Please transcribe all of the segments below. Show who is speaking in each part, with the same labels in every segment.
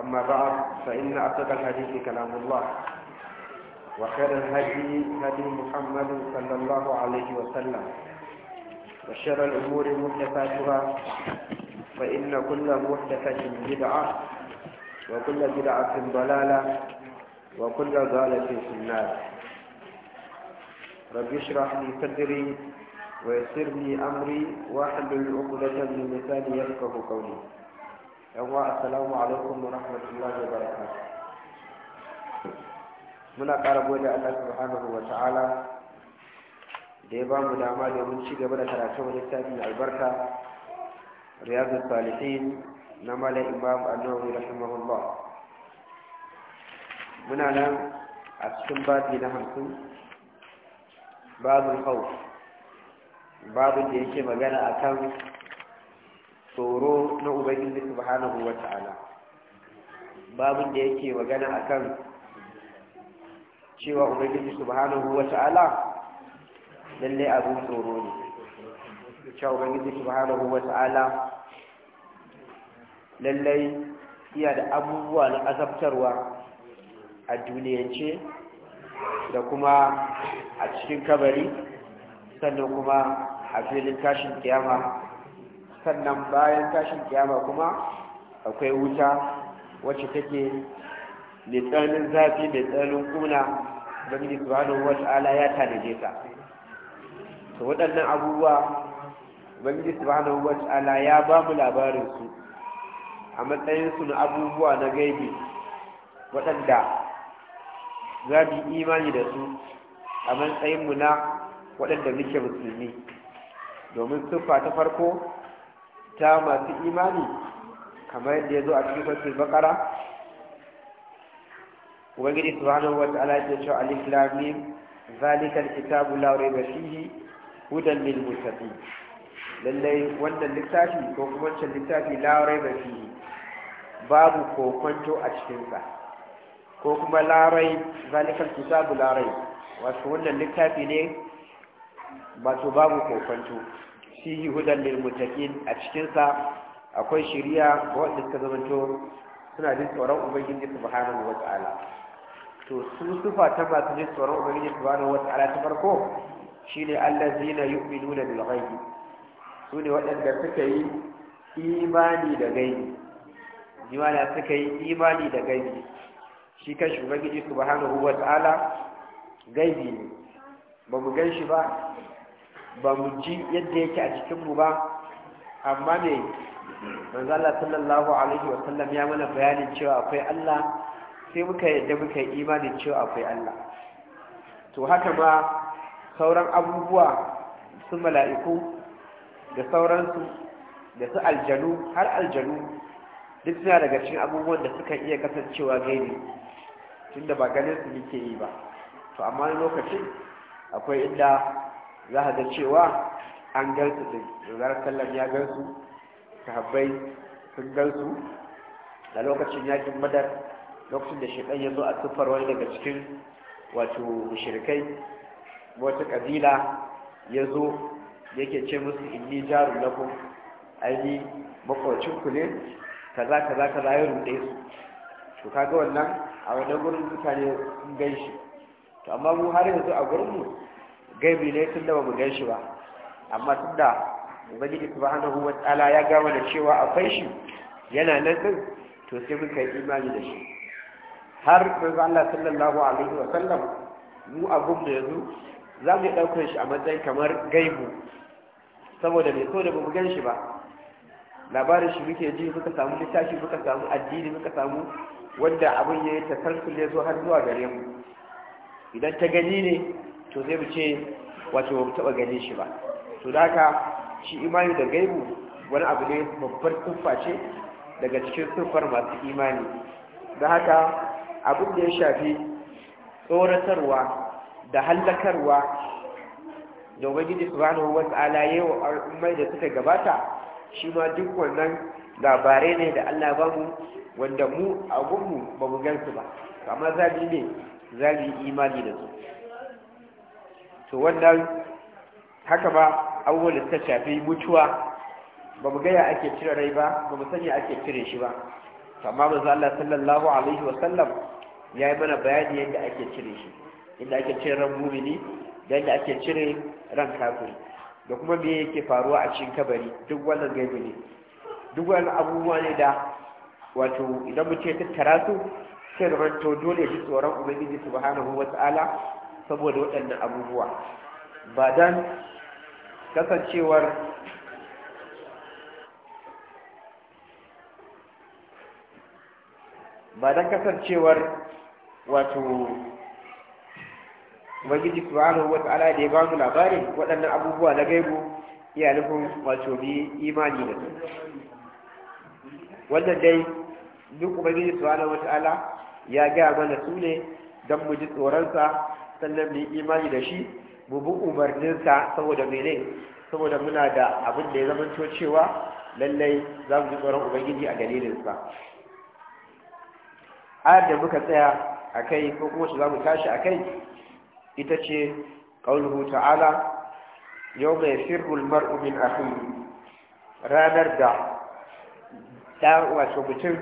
Speaker 1: أما بعد فإن أصدق الحديث كلام الله وخير الهدي هدي محمد صلى الله عليه وسلم وشر الأمور محدثاتها فإن كل محدثة بدعة وكل بدعة ضلالة وكل ضالة في النار رب اشرح لي صدري ويسر لي أمري واحلل عقدة من لساني يفقه قولي yanwa assalamu alaikum wa rahmatullahi wa barakatuh muna ƙara gode Allah subhanahu wa ta'ala da ya ba mu dama domin ci gaba da karatun littafi mai albarka riyadu salihin na mala imam annawi rahimahullah muna nan a cikin babi na hamsin babin hau babin da yake magana akan tsoro na ubangiji subhanahu ta’ala. babin da yake magana akan cewa ubangiji subhanahu ta’ala lalle abin tsoro ne cewa ubangiji subhanahu ta’ala lallai iya da abubuwa na azabtarwa a duniyance da kuma a cikin kabari sannan kuma a filin tashin kiyama sannan bayan tashin kiyama kuma akwai wuta wacce take mai tsananin zafi mai tsananin kuna ubangiji wata ala ya tanaje ta ta waɗannan abubuwa ubangiji subhanahu wata'ala ya ba mu labarin su a matsayin su na abubuwa na gaibi waɗanda za mu imani da su a matsayin mu na waɗanda muke musulmi domin siffa ta farko ta masu imani kamar yadda ya zo a cikin fasil bakara ubangiji hannun wata ala ce alif lam zalikar zalika alkitabu la shi fihi hudan lil muttaqin lallai wannan littafi ko kuma can littafi la rayba fihi babu kokonto a cikinsa? ko kuma la zalikar zalika alkitabu wasu wannan littafi ne su babu kokonto fihi hudan lil muttaqin a cikin sa akwai shari'a ga wanda suka zamanto suna jin tsoron ubangiji subhanahu wata'ala to sun sufa ta masu jin tsoron ubangiji subhanahu wata'ala ta farko shine allazina yu'minuna bil ghaibi su ne waɗanda suka yi imani da gaibi jimana suka yi imani da gaibi shi kan ubangiji subhanahu wata'ala gaibi ne ba mu gan shi ba ba mu ji yadda yake a mu ba amma ne Allah sallallahu alaihi wa sallam ya mana bayanin cewa akwai Allah sai muka yadda muka yi imani cewa akwai Allah to haka ma sauran abubuwa su mala'iku da sauransu da su aljanu har aljanu duk suna daga cikin abubuwan da suka iya kasancewa gaini tunda ba ganin su muke yi ba to amma lokacin akwai inda za a ga cewa an gansu da zarar sallar ya gansu sahabbai sun gansu da lokacin yakin madar lokacin da shekai ya zo a tuffar wani daga cikin wato shirkai wata kabila ya zo yake ce musu inni na ku. aini makwacin ku ne kaza kaza kaza ya rude su to kaga wannan a wani gurin mutane sun gan shi to amma mu har yanzu a gurin mu gaibi ne tun da ba mu gan shi ba amma tun da ubangiji subhanahu wataala ya gama mana cewa akwai shi yana nan din to sai muka yi imani da shi har manzo Allah sallallahu alaihi wa sallam mu abun da yanzu za mu ɗaukar shi a matsayin kamar gaibu saboda mai so da ba mu gan shi ba labarin shi muke ji muka samu littafi muka samu addini muka samu wanda abin ya yi tafarsul ya zo har zuwa gare mu idan ta gani ne to zai mu ce wato ba mu taɓa gane shi ba to da haka shi imani da gaibu wani abu ne babbar kuffa ce daga cikin tuffar masu imani da haka abin da ya shafi tsoratarwa da hallakarwa da su subhanahu wasu alaye wa al'ummai da suka gabata shi ma duk wannan labarai ne da Allah ba mu wanda mu a gunmu ba mu gansu ba amma zabi ne zabi imani da su to wannan haka ba abubuwan da suka shafi mutuwa ba mu gaya ake cire rai ba ba mu sanya ake cire shi ba amma manzo Allah sallallahu alaihi wa sallam ya yi mana bayani yadda ake cire shi inda ake cire ran mumini da yadda ake cire ran kafiri da kuma me yake faruwa a cikin kabari duk wannan gaibi ne duk wannan abubuwa ne da wato idan mu ce tattara su sai da to dole ji tsoron ubangiji subhanahu ta'ala saboda waɗannan abubuwa ba don kasancewar ba don kasancewar wato ubangiji wata ala da ya ba mu labarin waɗannan abubuwa na gaibu iya nufin wato bi imani da su wannan dai duk ubangiji wata ala ya gaya mana su ne don mu ji tsoronsa sannan mu imani da shi mu bi umarninsa saboda mene saboda muna da abin da ya zama cewa lallai za mu ji tsoron ubangiji a dalilinsa ayar da muka tsaya a kai ko kuma shi za mu tashi a kai ita ce ƙaunuhu ta'ala yau mai firgul mar'u ranar da ɗan wato mutum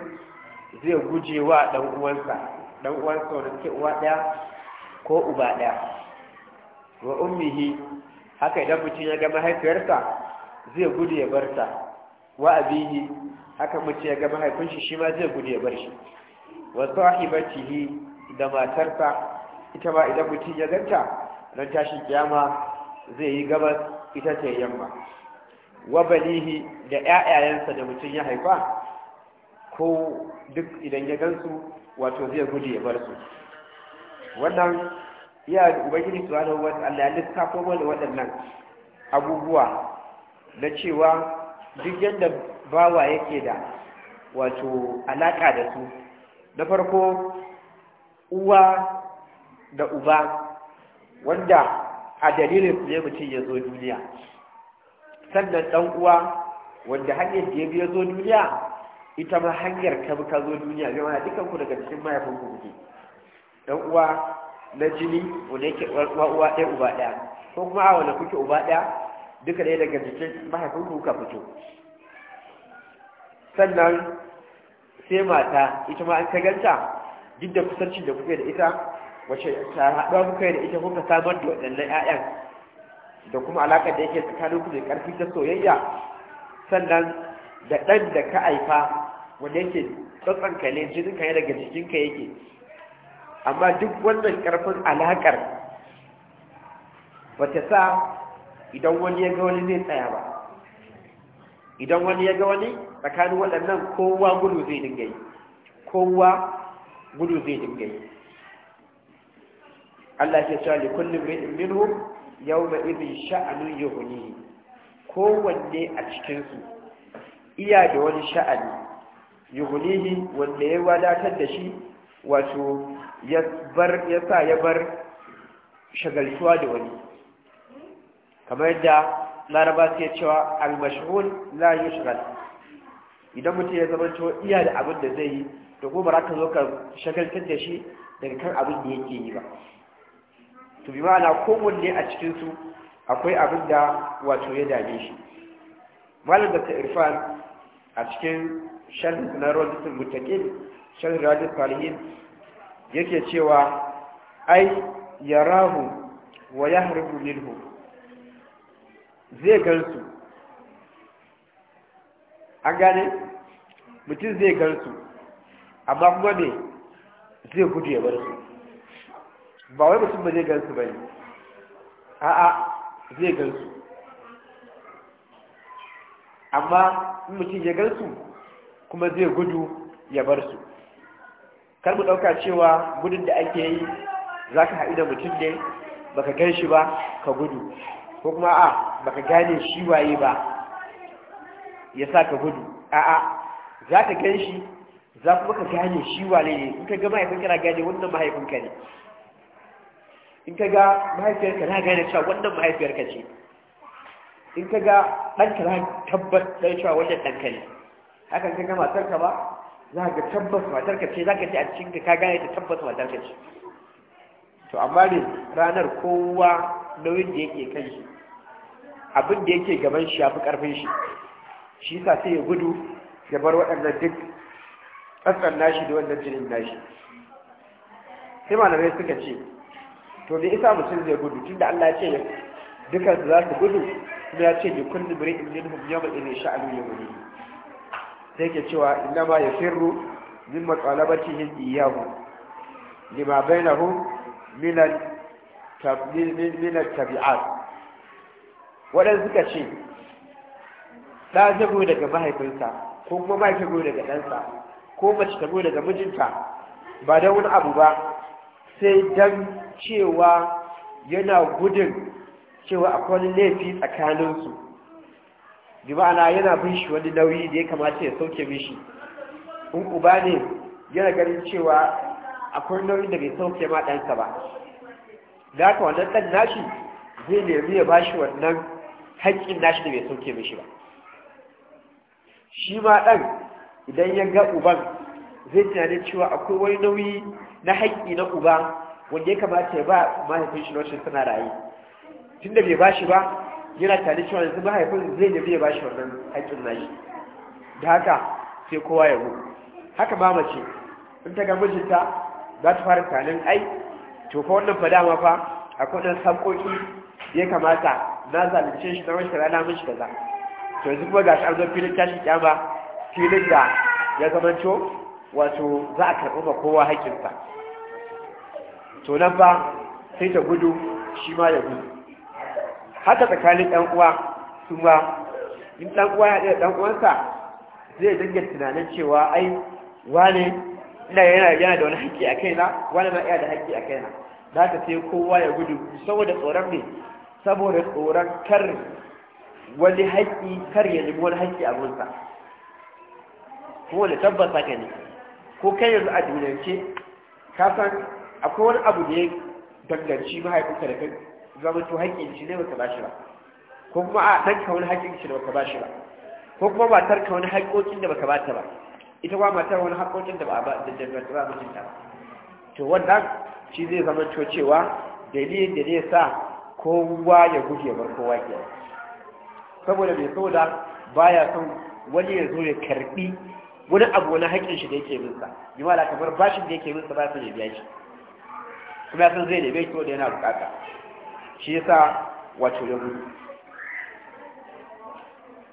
Speaker 1: zai guje wa ɗan uwansa ɗan uwansa suke uwa ɗaya ko uba ɗaya wa ummihi haka idan mutum ya ga mahaifiyarsa zai gudu ya bar ta wa abihi haka mutum ya ga mahaifinshi shi ma zai gudu ya bar shi wa sahibatihi da matarsa ita ma idan mutum ya ganta ran tashin kiyama zai yi gabas ita ta yamma wa balihi da ƴaƴayensa da mutum ya haifa ko duk idan ya gansu wato zai gudu ya bar su wannan ya da ubangiji wani wa ta'ala ya lissafo mana waɗannan abubuwa na cewa duk yadda bawa yake da wato alaƙa da su na farko uwa da uba wanda a dalilin su ne mutum ya zo duniya sannan ɗan uwa wanda hanyar da ya biyo zo duniya ita ma hanyar ka ka zo duniya zai mana dukkan ku daga cikin mahaifin ku kuke Ɗan uwa na jini wanda yake ɗan uwa ɗaya uba ɗaya ko kuma a wanda kuke uba ɗaya duka ɗaya daga jikin mahaifinku ka fito sannan sai mata ita ma an ka ganta duk da kusanci da kuke da ita wace haɗuwa kuka da ita kuka samar da waɗannan 'ya'yan da kuma alaƙar da yake tsakanin ku mai ƙarfi ta soyayya sannan da ɗan da ka haifa wanda yake tsatsanka ne jininka ne daga jikinka yake amma duk wannan ƙarfin alaƙar ba ta sa idan wani ya ga wani zai tsaya ba idan wani ya ga wani tsakanin waɗannan kowa gudu zai dinga yi kowa gudu zai dinga yi Allah ya ce li kullu mri'in minhum yawma idhin sha'anun yughnihi kowanne a cikinsu iya da wani sha'ani yughnihi wanda ya wadatar da shi wato ya sa ya bar shagaltuwa da wani kamar yadda laraba sai cewa al-mashghul la yushghal idan mutum ya zama cewa iya da abin da zai yi to ko ba ka zo ka shagaltar da shi daga kan abin da yake yi ba to bi ma'ana kowanne a cikinsu akwai abin da wato ya dame shi malam da irfan a cikin shan sanarwar mutum mutakin shari'a rajin salihin yake cewa ai rahu wa harifu minhu zai gansu an gane mutum zai gansu amma kuma ne zai gudu ya bar su ba wai mutum ba zai gansu ba ne a'a zai gansu amma mutum ya gansu kuma zai gudu ya bar su kar mu ɗauka cewa gudun da ake yi za ka haɗu da mutum ne baka gan shi ba ka gudu ko kuma a baka gane shi waye ba ya sa ka gudu a'a za ka gan shi za kuma ka gane shi waye ne in ka ga mahaifinka na gane wannan mahaifinka ne in ka ga mahaifiyarka na gane cewa wannan mahaifiyarka ce in ka ga ɗanka na tabbatar cewa wannan ɗanka ne hakan ka ga matarka ba za ka tabbas matar ka ce za ka ji a cikin ka gane ta tabbas matar ka ce to amma ne ranar kowa nauyin da yake kan shi abin da yake gaban shi ya fi karfin shi shi sa sai ya gudu ya bar waɗannan duk tsatsan nashi da wannan jinin nashi sai malamai suka ce to da isa mutum zai gudu tunda Allah ya ce dukansu za su gudu kuma ya ce bi kullu mri'in minhum yawma idhin sha'anu gudu sai ke cewa inna ma firru min matalabatihim iyyahu lima bainahum min al-tabi'at waɗanda suka ce ɗa goyi daga mahaifinsa ko kuma mahaifin goyi daga ɗansa ko mace ta goyi daga mijinta ba don wani abu ba sai don cewa yana gudun cewa akwai laifi tsakaninsu bi yana bin wani nauyi da ya kamata ya sauke mishi in uba ne yana ganin cewa akwai nauyi da bai sauke ma ɗansa ba da haka wannan ɗan nashi zai nemi ya ba shi wannan haƙƙin nashi da bai sauke mishi ba shi ma ɗan idan ya ga uban zai tunanin cewa akwai wani nauyi na haƙƙi na uba wanda ya kamata ya ba mahaifin shi lokacin suna raye tunda bai ba shi ba yana tare cewa yanzu mahaifin zai nufi ya bashi wannan haƙƙin nashi da haka sai kowa ya rubu haka ba mace in ta ga mijinta za ta fara tanin ai to fa wannan fa dama fa akwai ɗan ya kamata na zalunce shi na shi rana mashi kaza to yanzu kuma ga shi an zo filin tashi kyama filin da ya zamanto wato za a karɓi ma kowa haƙƙinsa to nan ba sai ta gudu shi ma ya gudu haka tsakanin ɗan uwa su ba in ɗan uwa ya ɗaya ɗan uwansa zai dinga tunanin cewa ai wane ina yana yana da wani haƙƙi a kaina wani ma iya da haƙƙi a kaina za ka sai kowa ya gudu saboda tsoron ne saboda tsoron kar wani haƙƙi kar ya nemi wani haƙƙi a gunsa kuma wani tabbata ka ne ko kai yanzu a duniyance ka san akwai wani abu da ya danganci mahaifinka da kai zamanto haƙƙin shi ne baka bashi ba ko kuma a ɗanka wani haƙƙin shi da baka bashi ba ko kuma matar ka wani haƙƙoƙin da baka bata ba ita kuma matar wani haƙƙoƙin da ba ba da jami'ar ba ba to wannan shi zai zamanto cewa dalilin da zai sa kowa ya guje bar kowa ke saboda mai saboda baya son wani ya zo ya karbi wani abu wani haƙƙin shi da yake minsa bi mala kamar bashin da yake minsa ba su ne biya shi kuma ya san zai bai shi da yana bukata shi yasa wato ya gudu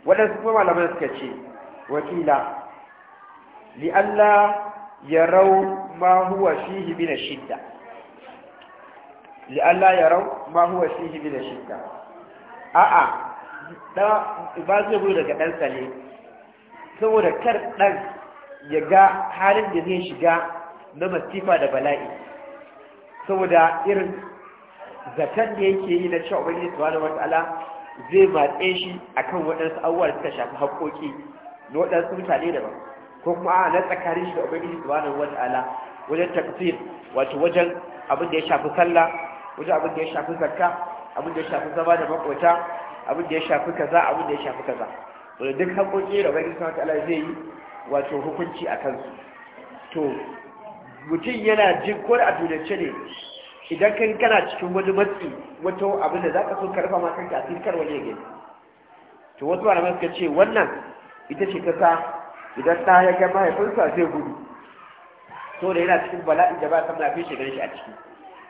Speaker 1: waɗansu kuma malaman suka ce wakila li'alla ya rau ma huwa fihi min shidda li'alla ya rau ma huwa fihi min shidda a'a ba zai gudu daga ɗansa ne saboda kar ɗan ya ga halin da zai shiga na masifa da bala'i saboda irin zaton da yake yi na cewa ubangiji subhanahu wataala zai matse shi akan waɗansu abubuwa da suka shafi haƙoƙi na waɗansu mutane daban ko kuma a na tsakanin shi da ubangiji subhanahu wataala wajen takfir wato wajen abin da ya shafi sallah wajen abin da ya shafi zakka abin da ya shafi zama da makwata abin da ya shafi kaza abin da ya shafi kaza wanda duk haƙoƙi da ubangiji subhanahu wataala zai yi wato hukunci a kansu to mutum yana jin ko da a duniyance ne idan kan kana cikin wani matsi wata abin da za ka so ka rufa ma kanka a tilkar wani ya gani to wasu malamai suka ce wannan ita ce ta sa idan ta ya ga mahaifinsa zai gudu to da yana cikin bala'in da ba san lafiya shigar shi a ciki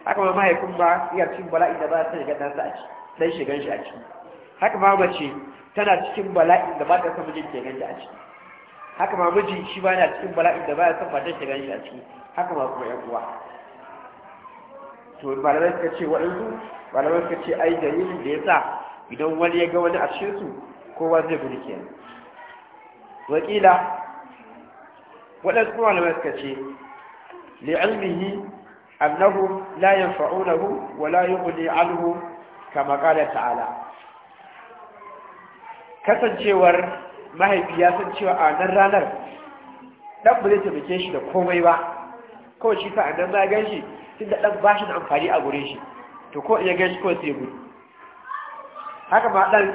Speaker 1: haka ma mahaifin ba iya cikin bala'in da ba san shigar sa a ciki dan shigar shi a ciki haka ma mace tana cikin bala'in da ba ta san mijin shigar shi a ciki haka ma miji shi ba yana cikin bala'in da ba ya san matan shigar shi a ciki haka ma kuma yan uwa to malamai suka ce waɗansu malamai suka ce ai dalilin da ya sa idan wani ya ga wani a cikinsu kowa zai gudu kenan wakila waɗansu kuma malamai suka ce li'ilmihi annahu la yanfa'unahu wa la yughni anhu kama qala ta'ala kasancewar mahaifi ya san cewa a nan ranar ɗan ba zai taimake shi da komai ba kawai shi sa a nan ma gan shi tun da ɗan bashi da amfani a gure shi to ko in ya ko sai gudu haka ma ɗan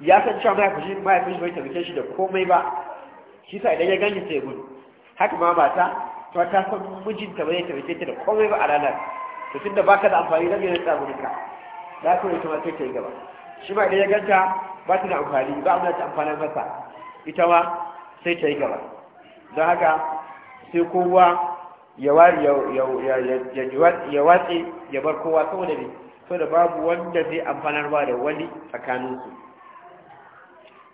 Speaker 1: ya san cewa mahaifin mahaifin shi bai taimake shi da komai ba shi sa idan ya gani sai gudu haka ma mata to ta san mijinta bai taimake ta da komai ba a ranar to tun da baka da amfani da ganin duka za ka yi kuma sai ta yi gaba shi ma idan ya ganta ba ta da amfani ba amma ta amfana masa ita ma sai ta yi gaba don haka sai kowa ya watse ya bar kowa saboda ne da babu wanda zai amfanar ba da wani tsakaninsu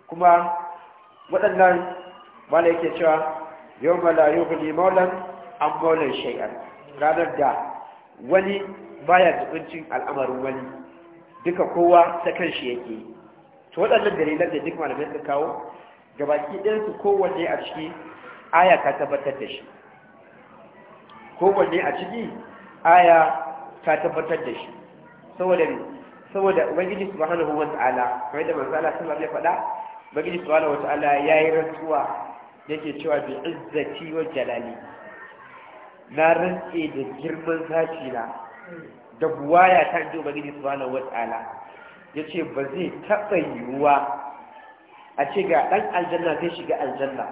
Speaker 1: kuma waɗannan bala yake cewa yau mala yau kudi maulan an maulan shai'ar ranar da wani baya zubincin al'amarin wani duka kowa ta kan shi yake yi to waɗannan dalilan da duk malamai suka kawo gabaki ɗinsu kowanne a ciki aya ka tabbatar da shi ko wanne a ciki aya ta tabbatar da shi saboda saboda ubangiji subhanahu wata'ala kamar da manzo Allah sallallahu alaihi wasallam ya faɗa ubangiji subhanahu wata'ala yayi rantsuwa yake cewa bi izzati wa jalali na rantse da girman zaci na da buwaya ta ji ubangiji subhanahu wata'ala yace ba zai taɓa yiwuwa a ce ga ɗan aljanna zai shiga aljanna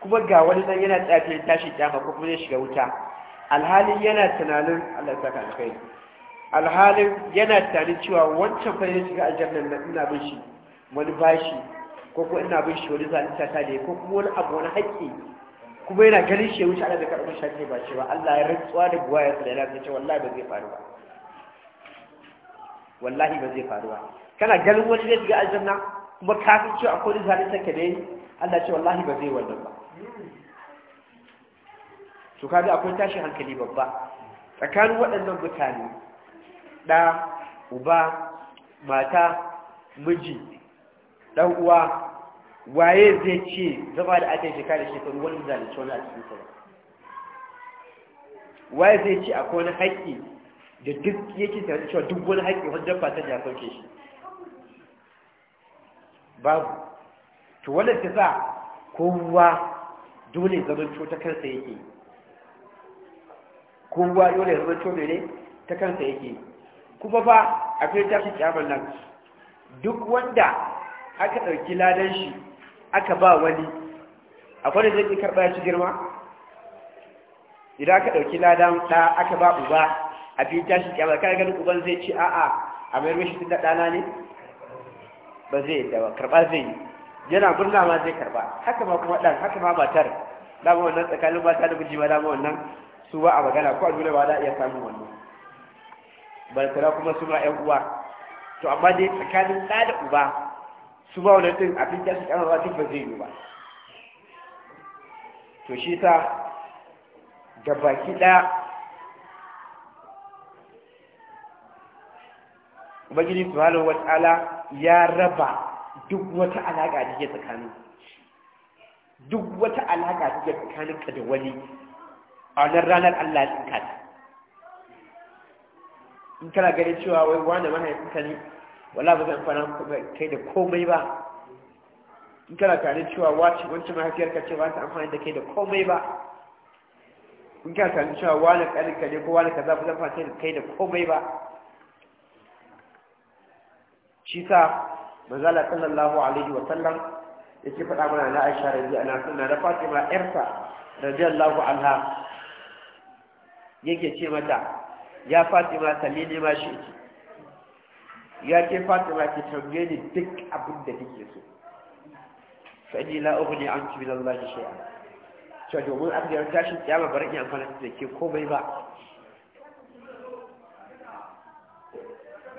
Speaker 1: kuma ga wani nan yana tsafi tashi kyama ko kuma zai shiga wuta Alhali yana tunanin Allah ya saka alkhairi Alhali yana tunanin cewa wancan fa ya shiga aljanna nan ina bin shi wani bashi ko kuma ina bin shi wani zalunta ta da ko kuma wani abu wani haƙƙi kuma yana ganin shi ya wuce Allah da karɓar shi ba shi ba Allah ya rantsuwa da guwa ya tsare lafiya ce wallahi ba zai faru ba wallahi ba zai faru ba kana ganin wani zai shiga aljanna kuma kafin cewa akwai zalunta ka dai Allah ce wallahi ba zai wannan ba to kaga akwai tashin hankali babba tsakanin waɗannan mutane ɗa uba mata miji ɗan uwa waye zai ce zama da aka yi shi shekaru wani zalunci wani a cikin waye zai ce akwai wani haƙƙi da duk yake tare cewa duk wani haƙƙi wajen ba ta ya sauke shi babu to wannan ta sa kowa dole zamanto ta kansa yake kowa dole zamanto mene ta kansa yake kuma ba a fi tafi kyamar nan duk wanda aka ɗauki ladan shi aka ba wani akwai da zai karɓar shi girma idan aka ɗauki ladan ɗa aka ba uba a fi tashi kyamar kan ganin uban zai ci a'a a mai rushe tun da ɗana ne ba zai yadda ba karɓa zai yi yana murna ma zai karba haka ma kuma dan haka ma matar dama wannan tsakanin mata da miji ma dama wannan su ba a magana ko a dole ba za a iya samun wannan barkara kuma su ma ƴan uwa to amma dai tsakanin da da uba su ba wannan din abin da su kama ba ba zai yi ba to shi ta da baki ɗaya ubangiji subhanahu ta'ala ya raba duk wata alaƙa da ke tsakanin duk wata alaƙa da ke ka da wani a wannan ranar Allah ya tsinka ta in kana ganin cewa wai wani mahaifinka ne wala ba zan fara kai da komai ba in kana tare cewa wace wancan mahaifiyarka ce ba ta amfani da kai da komai ba in kana tare cewa wani ƙarinka ne ko wani kaza ba zan fara kai da komai ba shi sa manzala sallallahu alaihi wa sallam yake faɗa mana na Aisha radiyallahu anha da Fatima ƴarsa radiyallahu anha yake ce mata ya Fatima salini ma shi ya ke Fatima ki tambaye ni duk abin da kike so fa inni la ughni anki min Allah shay'a cewa domin aka yarda tashin kiyama ba rage amfani da ke komai ba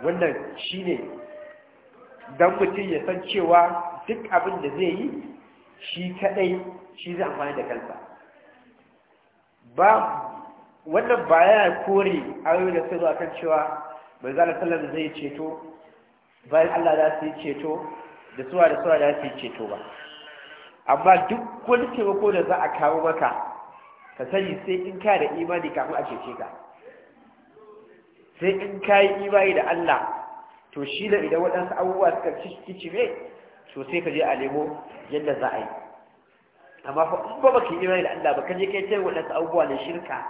Speaker 1: wannan shine don mutum ya san cewa duk abin da zai yi shi kadai shi zai amfani da kansa ba wannan ba ya kore ayoyi da sai zuwa kan cewa mai zala da zai yi ceto bayan Allah za su yi ceto da suwa da suwa za su yi ceto ba amma duk wani taimako da za a kawo maka ka sani sai in ka da imani kafin a cece ka sai in ka yi imani da Allah to shi da idan waɗansu abubuwa suka kicime to sai ka je a nemo yadda za a yi amma fa in ba baki yi imani da Allah ba kan je kai tayin waɗansu abubuwa na shirka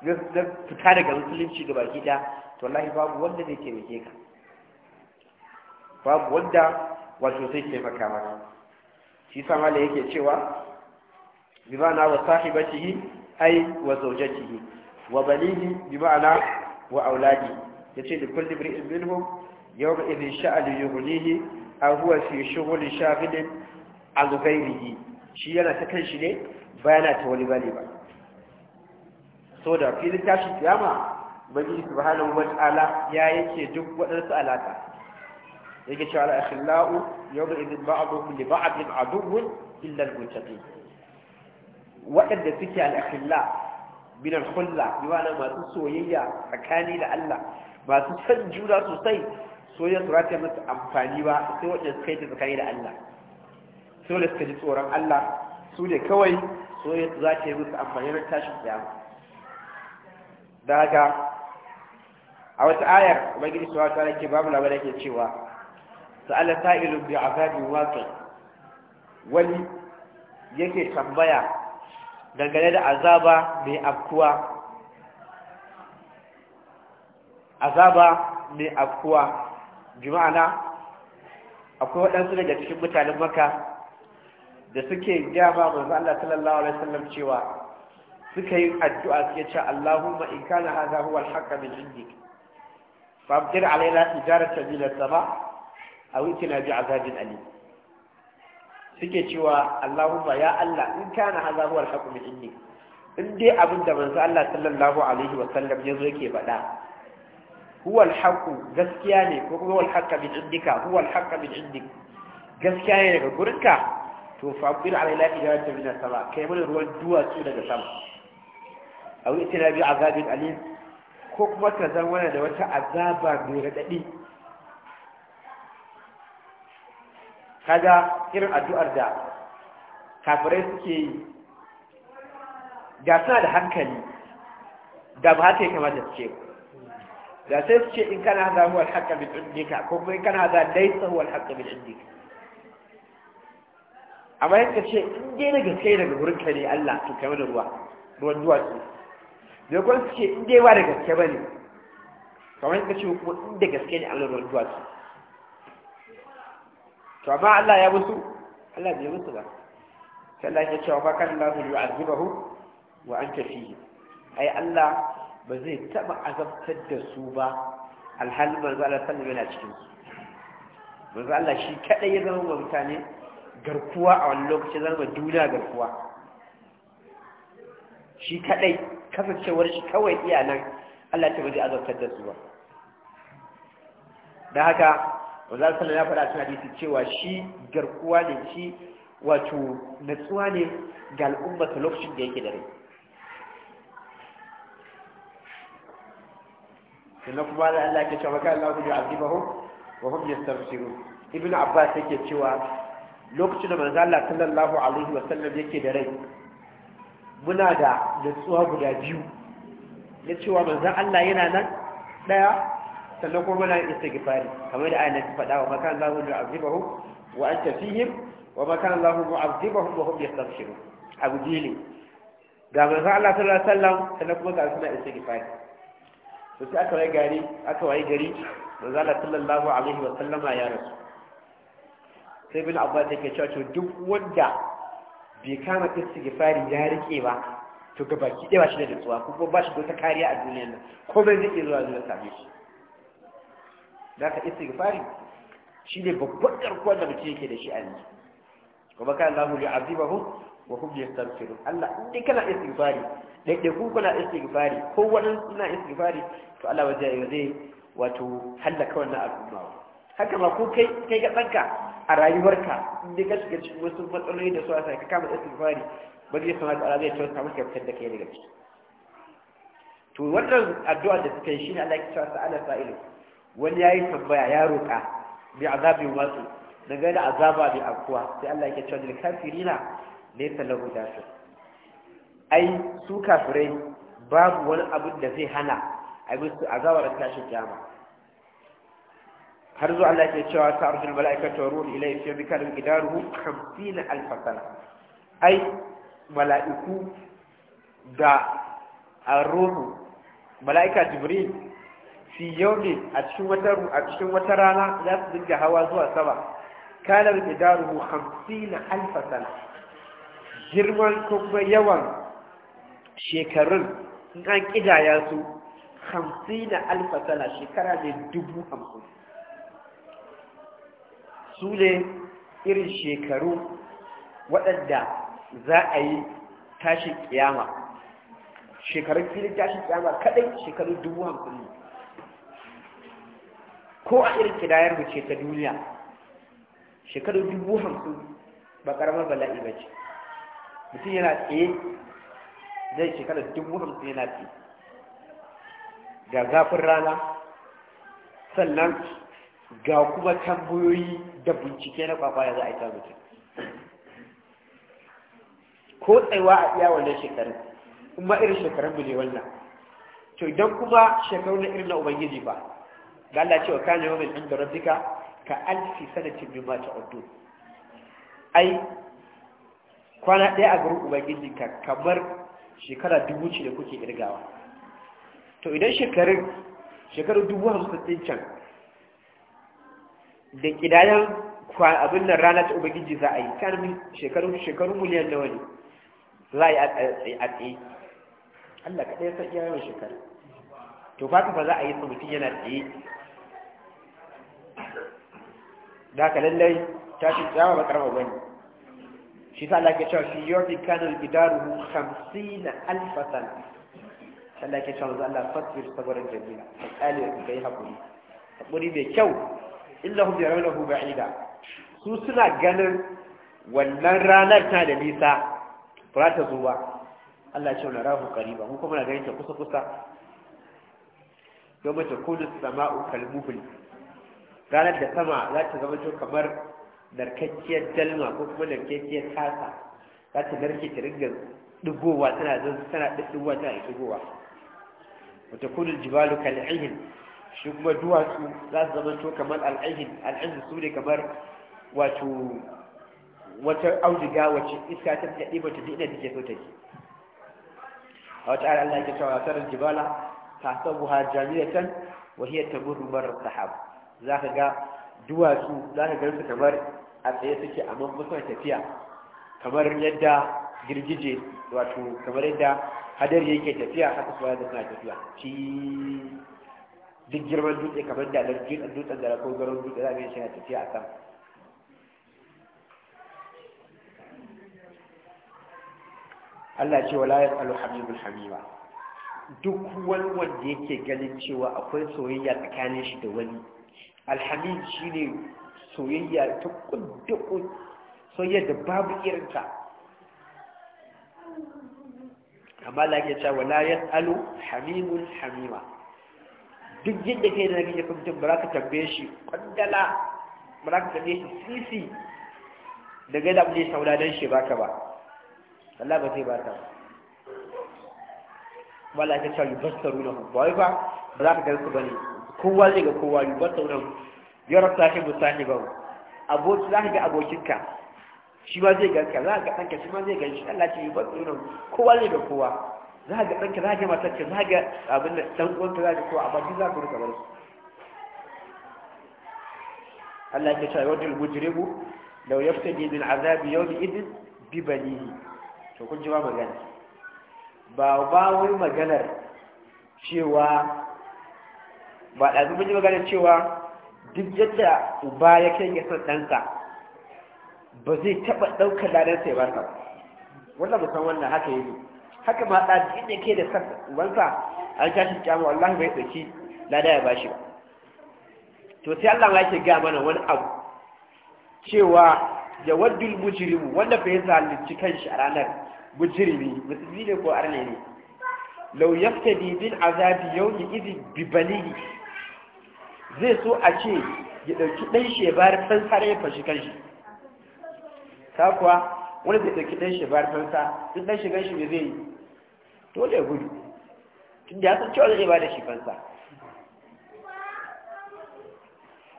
Speaker 1: na fita daga musulunci ga baki ɗaya to wallahi babu wanda zai taimake ka babu wanda wato zai taimaka maka shi sa mala yake cewa bi ma'ana wa sahibatihi ai wa zawjatihi wa balihi bi ma'ana wa auladi yace da kulli bri'in minhum yawm idhin sha'al yughnihi aw huwa fi shughl shaghil an ghairihi shi yana ta shi ne ba yana ta wani bane ba so da filin tashi kiyama bani subhanahu wa ta'ala ya yake duk wadansu alaka yake cewa al-akhla'u yawm idhin ba'dhum li ba'dhin aduwwun illa al-muttaqin waɗanda suke al-akhla' min al-khulla masu soyayya tsakani da Allah masu san juna sosai soyayya su rata mata amfani ba sai wajen suka yi ta tsakani da Allah sai da suka ji tsoron Allah su ne kawai soyayya su za ta yi musu amfani na tashin tsayama da haka a wata ayar ubangiji su wata yake babu labarai ke cewa sa'ala sa'ilun bi azabi waqi wani yake tambaya dangane da azaba mai afkuwa azaba mai afkuwa bi ma'ana akwai waɗansu daga cikin mutanen maka da suke gyama manzo Allah sallallahu alaihi wasallam cewa suka yi addu'a suke cewa Allahumma in kana hadha huwa al-haqq min indik jira alaina tijaratan min as-sama aw itina bi azabin Ali. suke cewa Allahumma ya Allah in kana hadha huwa al-haqq min indik in dai abin da manzo Allah sallallahu alaihi wasallam yazo yake faɗa huwa alhaqu gaskiya ne ko kuma wal haqqa min indika huwa alhaqqa min indika gaskiya ne daga gurinka to fa ala alaila idan ta bin sama kai mun ruwan duwatsu daga sama aw itina bi azabin alim ko kuma ka zan wani da wata azaba mai radadi kaga irin addu'ar da kafirai suke yi da suna da hankali da ba haka ya kamar da suke ba da sai su ce in kana hada huwa alhaqqa min indika ko kuma in kana hada laysa huwa alhaqqa min indika amma yanka ce in dai na gaske daga gurin ka ne Allah to kai mana ruwa ruwan duwatsu da kuma su ce in dai ba da gaske ba ne kamar yanka ce kuma in da gaske ne Allah ruwan duwatsu to amma Allah ya musu Allah bai musu ba sai Allah ya ce wa fa kan Allah yu'azibahu wa anta fihi ai Allah ba zai taba azabtar da su ba alhalin manzo Allah sallallahu yana cikin su manzo Allah shi kadai ya zama wa mutane garkuwa a wani lokaci zama duniya garkuwa shi kadai kasancewar shi kawai iya nan Allah ta bude azabtar da su ba da haka manzo Allah sallallahu ya faɗa cikin hadisi cewa shi garkuwa ne shi wato natsuwa ne ga al'ummata lokacin da yake da rai sannan kuma da Allah ke cewa kan Allah ya azibahum wa hum yastaghfirun ibn abbas yake cewa lokacin da manzo Allah sallallahu alaihi wa sallam yake da rai muna da nutsuwa guda biyu na cewa manzo Allah yana nan daya sannan kuma muna istighfari kamar da ayyana faɗa wa makan Allah ya azibahum wa anta fihim wa makan Allah mu'azibahum wa hum yastaghfirun abu jili ga manzo Allah sallallahu alaihi wa sallam sannan kuma ga suna istighfari sai aka wai gari aka wai gari manzo Allah sallallahu alaihi wa sallama ya rasu sai bin abbas ke cewa duk wanda bai kama fari ya rike ba to ga baki ɗaya ba shi da nutsuwa ko ba shi da ta kariya a duniyar nan ko bai zai zuwa zuwa same shi da ka fari shi ne babban garkuwar da mutum yake da shi a yanzu kuma kan Allah ya azibahu wa hum yastaghfirun Allah in dai kana istighfari dai dai kun kuna istighfari ko wannan suna istighfari to Allah waje zai wato hallaka wannan al'umma haka ma ko kai kai ga tsanka a rayuwarka in ka shiga cikin wasu matsaloli da su a sai ka kama istighfari ba zai sanar da zai tausa maka fitar da kai daga ciki to wannan addu'a da suka yi ne Allah ya kisa sa'ala sa'ilu wani yayi tambaya ya roƙa bi azabin wasu daga da azaba bi akwa sai Allah yake cewa lil kafirina laysa lahu dafi ai su kafirai babu wani abin da zai hana a bi su azawar tashin kiyama har zuwa Allah ke cewa ta arjul mala'ikatu wa ruhu ilayhi fi bikalin idaruhu 50 alf sana ai mala'iku da arruhu mala'ika jibril fi yawmi a cikin wata a cikin wata rana za su dinga hawa zuwa sama kana bidaruhu 50 alf sana girman kuma yawan shekarun in an ya su hamsin na alfasana shekara da dubu hamsin su ne irin shekaru waɗanda za a yi tashi ƙiyama shekarun filin tashi ƙiyama kaɗai shekaru dubu hamsin ne ko a irin ƙidayar mace ta duniya shekaru dubu hamsin ba ƙaramar bala'i ba ce mutum yana tsaye zai shekara dubu hamsin yana tsaye ga zafin rana sannan ga kuma tambayoyi da bincike na ya za a yi ta mutum ko tsaiwa a iya wannan shekarun kuma irin shekarun mu ne wannan to idan kuma shekaru na irin na ubangiji ba ga Allah cewa kana yawmin inda rabbika ka alfi sanatin ma ta ai kwana ɗaya a garin ubangijinka kamar shekara dubu ce da kuke irgawa to idan shekarun shekaru dubu hamsin ɗin can da ƙidayen abin nan rana ta ubangiji za a yi kanin shekarun shekaru miliyan nawa ne za a yi a tsaye Allah kaɗai san iya shekaru to fata ba za a yi sa mutum yana tsaye da haka lallai tashin tsawa ba karama bane shi sa Allah ke cewa fi yawmi kana bidaruhu 50 alfasan. sana Allah ke cewa Allah fasbir sabran jamila alif kai hakuri hakuri mai kyau illahum yarawnahu aida. su suna ganin wannan ranar ta da nisa ba ta zuwa. Allah ya ce wani rahu qariba mu kuma na ganin ta kusa kusa yawma takunu as-sama'u kal ranar da sama za ta zama kamar narkakkiyar dalma ko kuma narkakkiyar tasa za ta narke ta ringa digowa tana zan tana digowa tana digowa wata kudu jibalu kal'ihin shi kuma duwatsu za su zama to kamar al'ihin al'ihin su ne kamar wato wata auduga wacce iska ta daɗe mata duk inda take so ta ji a wata ayar Allah ya cewa wa sarar jibala ta sabuha jami'atan wa hiya tamurru marar sahab za ka ga duwatsu za ka gansu kamar a tsaye suke amma musamman tafiya kamar yadda girgije wato kamar yadda hadari yake tafiya haka su da suna tafiya Ci duk girman dutse kamar da dutsen dutsen da ko garon dutse za a yi shi tafiya a sama Allah ce wala yasalu habibul hamima duk wani wanda yake ganin cewa akwai soyayya tsakanin shi da wani alhamid ne soyayya ta kudduku soyayya da babu irinta amma la cewa ce wala yasalu hamimun hamima duk yadda kai da gina mutum ba za ka tambaye shi kwandala ba za ka tambaye shi sisi da gada mu ne sauradan shi baka ba Allah ba zai ta ba wala ta ce yubassaru lahum ba wai ba ba za ka ba bane kowa zai ga kowa yi ba sauran yarar sahibu ba. aboki za ka ga abokinka shi ma zai ganka za ka ga ɗanka shi ma zai ganshi. shi Allah ce yi ba sauran kowa zai ga kowa za ka ga ɗanka za ka ga matarka za ka ga abin da ɗan uwanka za ka kowa a baki za ka rika bar su Allah ya ce wajen mujrimu law yaftadi min azabi yawmi idin bi banihi to kun ji ba magana ba ba wai maganar cewa ba da mun ji magana cewa duk yadda uba ya kai ya san ɗansa ba zai taɓa ɗaukar ladansa ya ba sa wannan musan wannan haka yi haka ma ɗa duk da ke da sassa wansa an shi kyamu Allah bai ɗauki lada ya bashi ba to sai Allah ma yake gaya mana wani abu cewa ya waddul bujirimu wanda bai zalunci kanshi a ranar mujirimi. musulmi ne ko arne ne law yaftadi bil azabi yawmi idin zai so a ce ya ɗauki ɗan shebar fansa ya fashi kanshi ta kuwa wani zai ɗauki ɗan shebar fansa duk ɗan shigar shi ne zai yi dole ya gudu tun da ya san cewa zai ba da shi fansa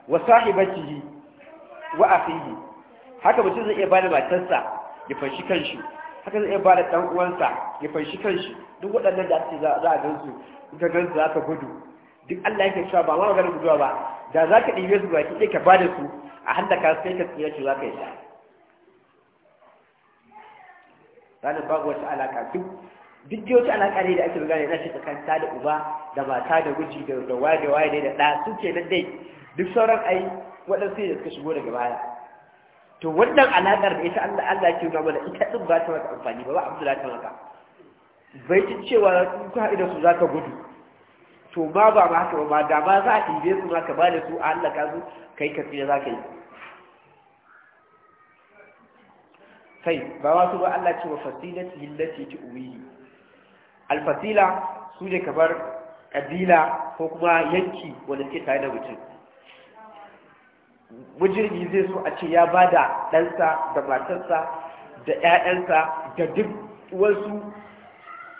Speaker 1: wa yi wa akhihi haka mutum zai iya ba da matarsa ya fashi kanshi haka zai iya ba da ɗan uwansa ya fashi kanshi duk waɗannan da ake za a gansu in ka gansu za ka gudu duk Allah yake cewa ba ma maganar guduwa ba da za ka ɗibe su ba ki ka ba da su a hallaka ka sai ka tsira ce za ka yi sha ranar babu wata alaka duk duk da wata alaka ne da ake magana na shi tsakanin ta da uba da mata da guji da waye da waye da ɗa su ke nan dai duk sauran ai waɗansu da suka shigo daga baya to wannan alaƙar da ita Allah Allah ke nuna mana ita din ba ta maka amfani ba ba Abdullahi ta maka bai cewa in ku haɗu da su za ka gudu to ba ba ba haka ba da ba za a ɗibe su ma ka ba da su a hallaka su kai ka tsira za ka yi kai ba su ba Allah ce wa fasilat lillati al alfasila su ne kamar kabila ko kuma yanki wanda ke tare da mutum mujirgi zai so a ce ya ba da ɗansa da matarsa da ‘ya'yansa da duk wasu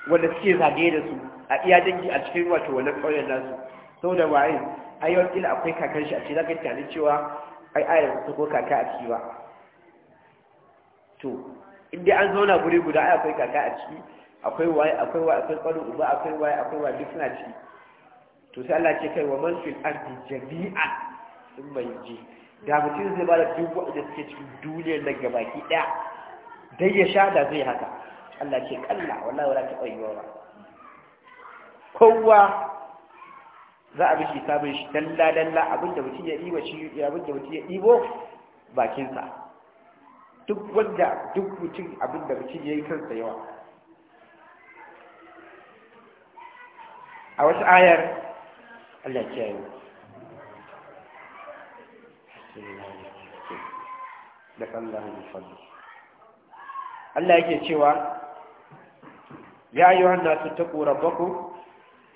Speaker 1: wanda suke zagaye da su a iya dangi a cikin wato wannan ƙauyen nasu saboda waye ai yau kila akwai kakan shi a ce zaka tunanin cewa ai ayar su ko kaka a ciki ba to inda an zauna guri guda ai akwai kaka a ciki akwai waye akwai waye akwai ƙwarin uba akwai waye akwai waye duk suna ciki to sai Allah ce kai wa man fil ardi jami'a sun bai ji da mutum zai bada duk wanda suke cikin duniyar nan gabaki daya dai ya sha da zai haka Allah ce kalla wallahi wala ta ƙwayewa ba kowa za a bishi sabon shi dalla-dalla abinda mutum ya ɗiba shi abinda mutum ya ɗibo bakinsa duk wanda duk mutum abinda mutum ya yi kansa yawa a wasu ayar Allah kiyaye da kallon fadli Allah yake cewa ya ayyuhan nasu taqu rabbakum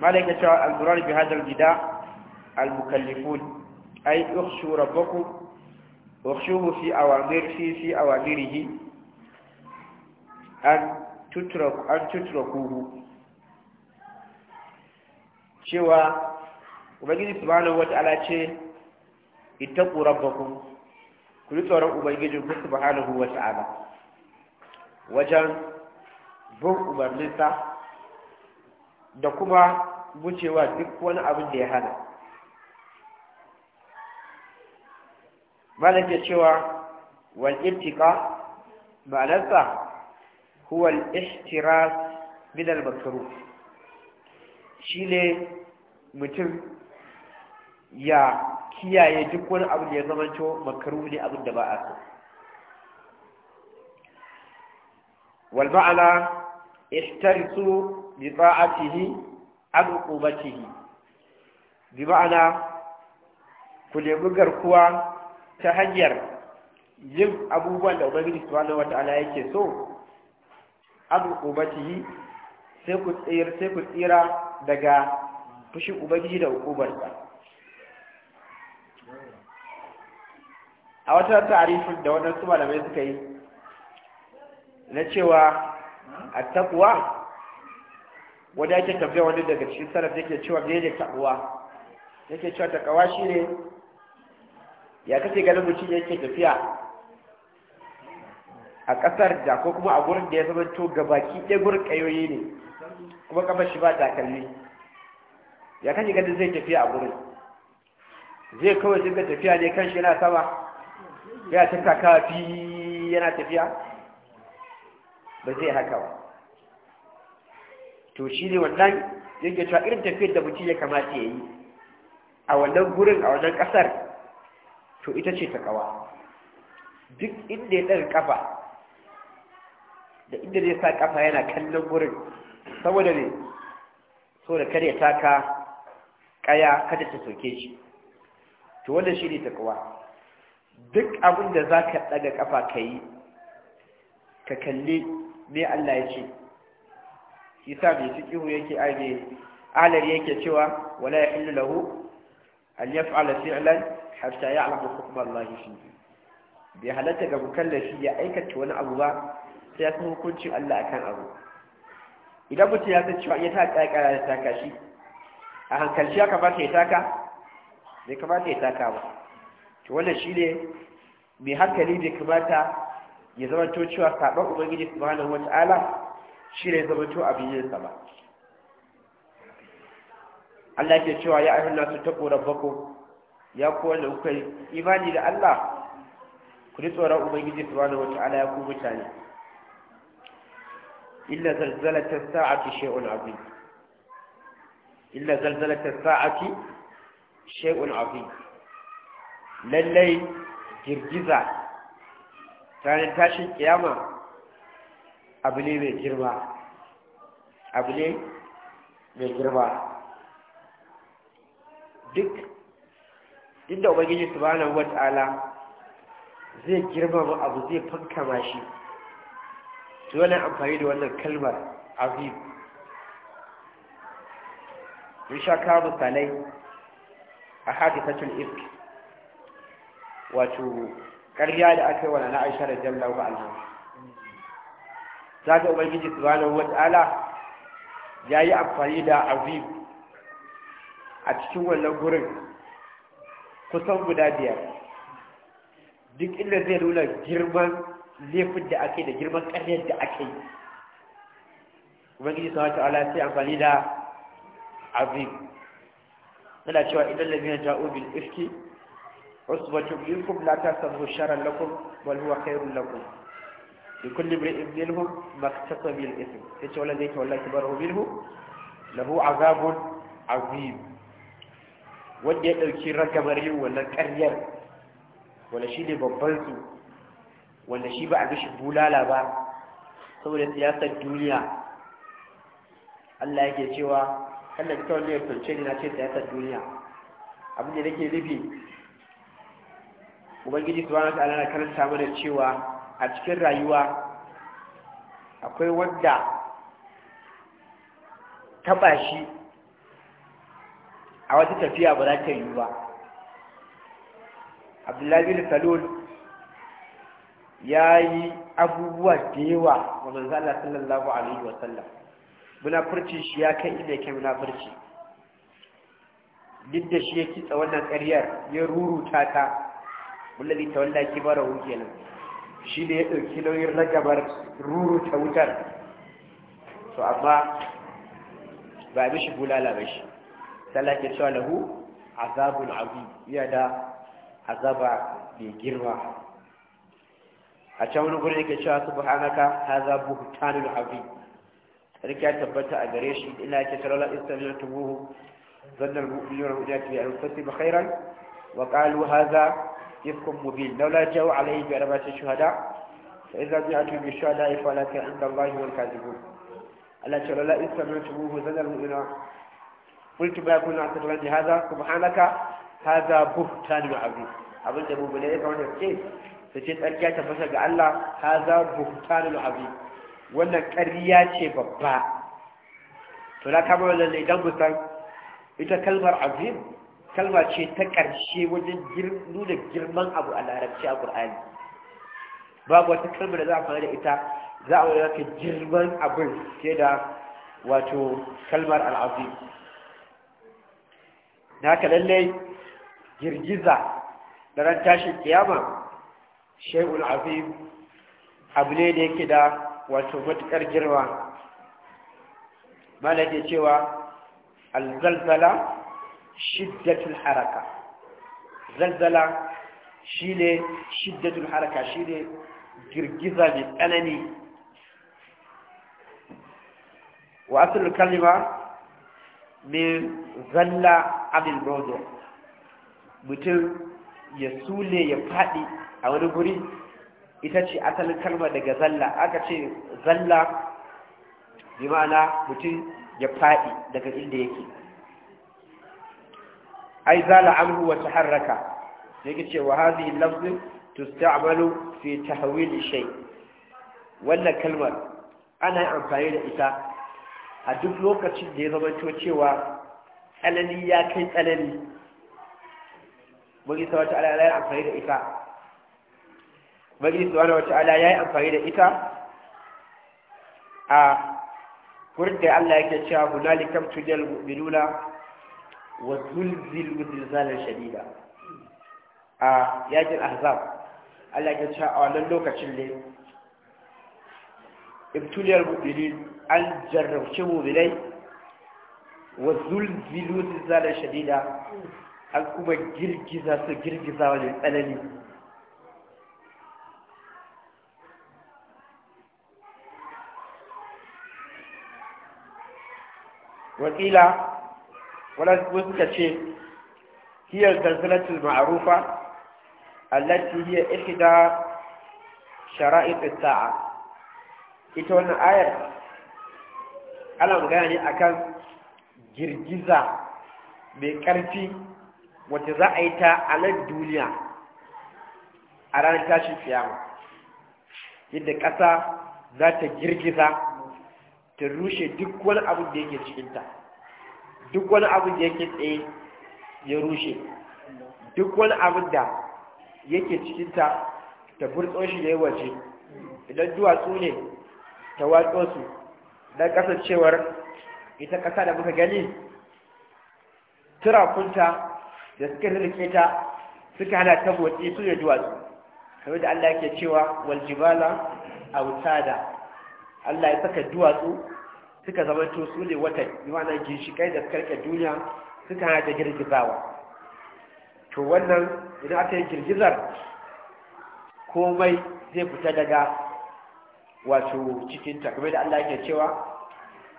Speaker 1: malaika cewa al-murar bi hadal gida al-mukallifun ay ukhshu rabbakum ukhshuhu fi awadir fi fi awadirihi an tutrak an tutrakuhu cewa ubangiji subhanahu wata'ala ce ittaqu rabbakum kuli tsoron ubangiji subhanahu wata'ala wajen bin umarninsa da kuma gucewa duk wani abin da ya hana ke cewa wal ma'anarsa huwal al-ihtiras min shi ne mutum ya kiyaye duk wani abin da ya zamanto makaru ne abin da ba a so wal ma'ana ihtarisu bi ta'atihi an uqubatihi bi ma'ana ku nemi garkuwa ta hanyar yin abubuwan da ubangiji subhanahu wata'ala yake so an uqubatihi sai ku tsira sai ku tsira daga fushin ubangiji da sa. a wata ta'arifin da waɗansu malamai suka yi na cewa a takwa wanda yake tafiya wani daga cikin sarraf yake cewa mene taqwa yake cewa ta shi ne? ya kake ganin mutum yake tafiya a kasar da ko kuma a gurin da ya zama to gabaki ɗaya gurin kayoyi ne kuma kamar shi ba takalmi ya kake ganin zai tafiya a gurin zai kawai dinga tafiya ne kan shi yana sama ya ta kakafi yana tafiya ba zai haka ba to shi ne wannan yake cewa irin tafiyar da mutum ya kamata ya yi a wannan gurin a wannan ƙasar to ita ce ta kawa duk inda ya ɗaga ƙafa da inda zai sa ƙafa yana kallon gurin saboda ne saboda kare ta taka ƙaya kada ta soke shi to wannan shi ne ta kawa duk abin da za ka ɗaga ƙafa ka yi ka kalli me Allah ya ce isa sa bai fiqihu yake ai alar yake cewa wala yahillu lahu an fa'ala fi'lan hatta ya'lamu hukm Allah shi bai halatta ga mukallafi ya aikata wani abu ba sai ya san hukuncin Allah akan abu idan mutum ya san cewa ya ta kakara da taka shi a hankalci ya kamata ya taka bai kamata ya taka ba to wannan shi ne mai hankali bai kamata ya zama to cewa saɓon ubangiji subhanahu wata'ala shi ne zama to abin yin sama Allah ke cewa ya ayyuhan nasu ƙorar bako ya kowar da kuka imani da Allah ku ji tsoron ubangiji wata ala ya ku mutane illa zalzalatas sa'ati shay'un azim illa zalzalatas sa'ati shay'un azim lallai girgiza tare tashin kiyama abu ne mai girma abu ne mai girma duk inda ubangiji subhanahu wata'ala zai girmama abu zai fankama shi to yana amfani da wannan kalmar azim in sha kawo misalai a hadisatul ifk wato ƙarya da aka yi wa na jallawa da jalla kaga ubangiji subhanahu wata'ala ya yi amfani da azim a cikin wannan gurin kusan guda biyar duk inda zai nuna girman laifin da ake da girman ƙaryar da ake yi ubangiji subhanahu wata'ala sai amfani da azim yana cewa idan zai ja'u bil ifki usbatun minkum la tasabu sharran lakum wal huwa khairun lakum لكل امرئ منهم ما اكتسب من الاثم يتي والذي يتولى كبره منه له عذاب عظيم wanda ya ɗauki ragamar yin wannan ƙaryar wanda shi ne babban su wanda shi ba a mishi bulala ba saboda siyasar duniya Allah yake cewa kallon kawai ne tunce ne na ce siyasar duniya abin da nake nufi ubangiji subhanahu wa ta'ala na karanta mana cewa a cikin rayuwa akwai wadda taɓa shi a wata tafiya ba za ta yi ba abdullahi bin salul ya yi abubuwa da yawa wa Manzala sallallahu alaihi wasallam muna munafurci shi ya kai inda yake munafurci duk da shi ya kitsa wannan karyar ya ruruta ta ke tawalla kibarahu nan. shi da ya ɗauki nauyin ragabar ruru ta wutar to amma ba a mishi bulala ba shi sallah ke cewa lahu azabun abu iya da azaba mai girma a can wani gurin yake cewa subhanaka hadha buhtanun azim
Speaker 2: sarki ya tabbata a gare shi ina yake cewa la istamiyatuhu zanna al-mu'minuna bi anfusihim khairan wa qalu hadha إفك
Speaker 1: مبين لولا جاءوا عليه بأربعة شهداء فإذا جاءتوا بالشهداء فلا عند الله والكاذبون ألا ترى لا إن سمعتموه زاد المؤمن قلت ما يكون أعتقد عندي هذا سبحانك هذا بهتان عظيم أبن أبو بليك وأنا كيف فجيت أرجع تفسر قال الله هذا بهتان عظيم وأنا كرياتي ببا فلا كما لأن إذا مثلا ita kalmar azim kalma ce ta ƙarshe wajen nuna girman abu a larabci a ƙur'ani babu wata kalmar da za a fara da ita za a wata girman abin ke da wato kalmar al'azim na haka lallai girgiza da ran tashin kiyama shai'ul abu ne da yake da wato matuƙar girma ke cewa alzalzala shiddatul haraka zalzala shine shiddatul haraka shine girgiza mai tsanani wa asalin kalima min zalla abin rodo mutum ya sule ya faɗi a wani guri ita ce asalin kalma daga zalla aka ce zalla bi ma'ana mutum ya faɗi daga inda yake ai zala anhu wa taharraka yake ce wa hadhihi lafzin tusta'malu fi tahwil shay wannan kalmar ana amfani da ita a duk lokacin da ya zama cewa tsanani ya kai tsanani mulki wata ala ya amfani da ita mulki wata ala ya yi amfani da ita a wurin da Allah yake cewa hunalika tudal mu'minuna wa zulzilu zilzalan shadida a yakin ahzab Allah ya ce a wannan lokacin ne ibtuliyar mu'minin an jarrabce mu'minai wa zulzilu zilzalan shadida an kuma girgiza su girgiza wani tsanani wakila Wani suka ce hiyar zalzalatul ma'arufa allati hiya ihda shara'it sa'a ita wannan ayar ana magana ne akan girgiza mai ƙarfi wacce za a yi ta a nan duniya a ranar tashin kiyama yadda ƙasa za ta girgiza ta rushe duk wani abu da yake cikinta duk wani abin da yake tsaye ya rushe duk wani abin da yake cikinta ta burtso shi da ya waje idan duwatsu ne ta watso su don kasancewar ita ƙasa da muka gani turakunta da suka rike ta suka hana ta su ne duwatsu kamar da Allah yake cewa waljibala da Allah ya saka duwatsu suka zamanto su ne watan yana ginshikai da karke duniya suka hada girgizawa to wannan idan aka yi girgizar komai zai fita daga wato cikin takamai da Allah yake cewa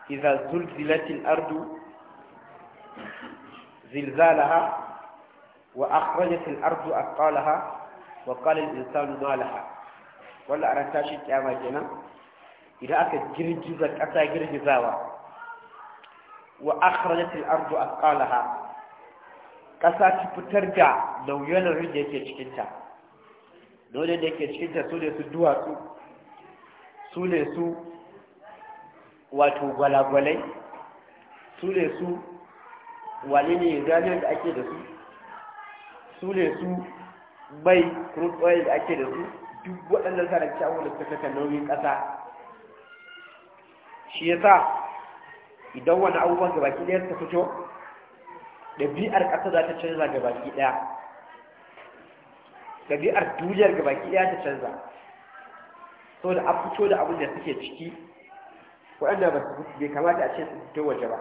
Speaker 1: iza zulzilatil ardu zilzalaha wa akhrajatil ardu aqalaha wa qala al insanu ma laha wannan aran tashi kiyama kenan idan aka girgiza ƙasa girgizawa wa akhrajatil ardu asqalaha ƙasa ta fitar da lauyanar da yake cikin ta dole da yake cikin ta su ne su duwatsu su ne su wato gwalagwalai su ne su wale ne ganiyar da ake da su su ne su mai crude oil da ake da su duk waɗannan sanar kyawun da suka nauyin ƙasa shi ya sa idan wani abubuwan gabaki ɗaya suka fito ɗabi'ar ƙasa za ta canza gabaki ɗaya ɗabi'ar duniyar gabaki ɗaya ta canza so da an fito da abin da suke ciki waɗanda ba su bai kamata a ce su fito waje ba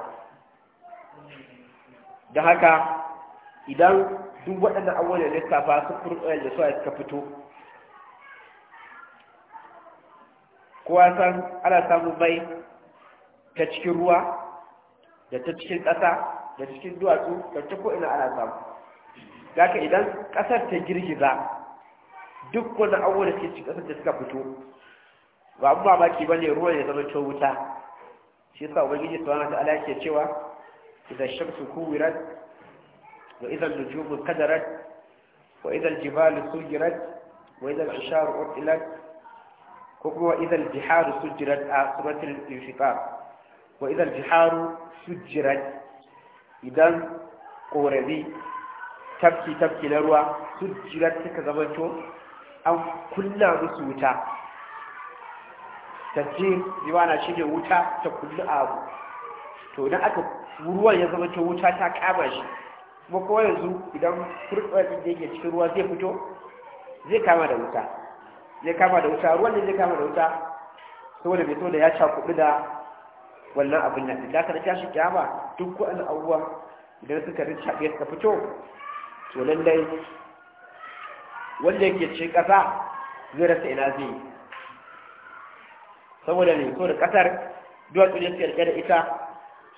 Speaker 1: da haka idan duk waɗannan abubuwan da fa su kurɗoyar eh, da suwa suka fito kowa san ana samun mai ta cikin ruwa da ta cikin ƙasa da cikin duwatsu da ta ko'ina ana samu daga idan ƙasar ta girgiza duk wani abubuwa da suke cikin ƙasar ta suka fito ba abu mamaki ba ne ruwan ya zama ta wuta shi sa ubangiji subhanahu ta'ala yake cewa idan shamsu kuwirat wa idan nujumu kadarat wa idan jibalu sujirat wa idan isharu urtilat ko kuma idan biharu sujirat a suratul infiqar wa idan jiharu su jiran, idan ƙorabi tafki tafki na ruwa su jiran suka zamanto an kunna musu wuta Ta tafsir yawa na shi ne wuta ta kullu abu to idan aka ruwan ya zamanto wuta ta kama shi kuma kowa yanzu idan ɗin da yake cikin ruwa zai fito zai kama da wuta zai kama da wuta ruwan da zai kama da wuta saboda mai so da ya cakudu da wannan abin nan da ka tashi kiyama duk waɗannan abuwa idan suka rinci haɗe suka fito to lallai wanda yake ce ƙasa zai rasa ina zai yi saboda ne so da ƙasar duwatsu ne suke da ita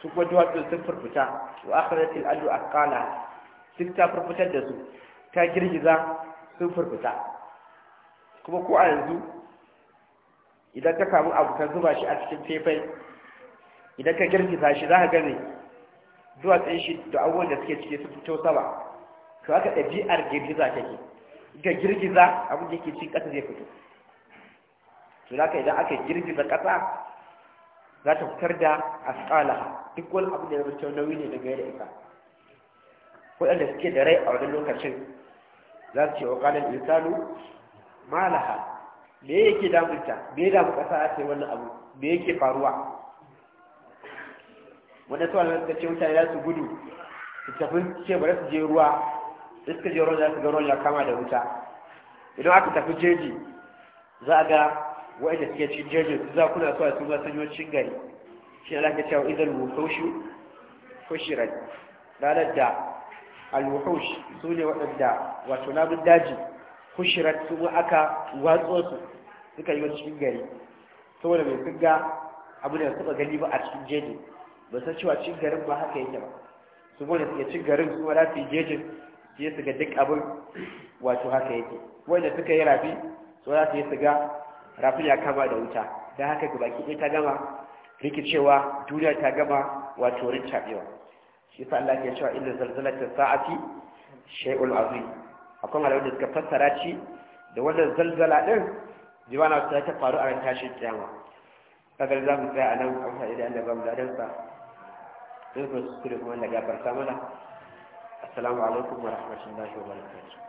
Speaker 1: su kuma duwatsu sun furfuta wa akhrajatil a asqala duk ta furfutar da su ta girgiza sun furfuta kuma ko a yanzu idan ka samu abu ka zuba shi a cikin faifai idan ka girgiza shi za ka gane duwatsun shi da abubuwan da suke cike su fito sama to haka ɗabi'ar girgiza take ga girgiza abin da ke cin ƙasa zai fito to haka idan aka girgiza ƙasa za ta fitar da asƙalaha duk wani abu da ya rubuta nauyi ne daga yadda ita waɗanda suke da rai a wani lokacin za su ce wa ƙalar insanu malaha me yake damunta me ya damu ƙasa a wannan abu me yake faruwa wanda su alamun ce mutane za su gudu su tafi ce ba su je ruwa iska je ruwan za su ga ruwan ya kama da wuta idan aka tafi jeji za a ga da suke cikin jeji su za kuna suwa su ma cin gari shi ne alaƙa cewa idan ko fushirar ranar da alwuhush su ne waɗanda wato namun daji fushirar su aka watso su suka yi wani cin gari saboda mai sun ga abu da suka gani ba a cikin jeji ba san cewa cin garin ba haka yake ba su gole suke cin garin su da su jejin su yi su ga duk abin wato haka yake wanda suka yi rafi su wala su yi su ga rafi ya kama da wuta don haka ga baki ɗaya ta gama rikicewa duniya ta gama wato rincaɓewa shi sa Allah ke cewa inda zalzalatin sa'ati shay'ul azim akwai malamai da suka fassara ci, da wannan zalzala din na ta ta faru a ran tashin kiyama kaga za mu tsaya a nan a idan da ba mu dadansa sai ku kuskure kuma da gafarta mana assalamu alaikum wa rahmatullahi wa barakatuh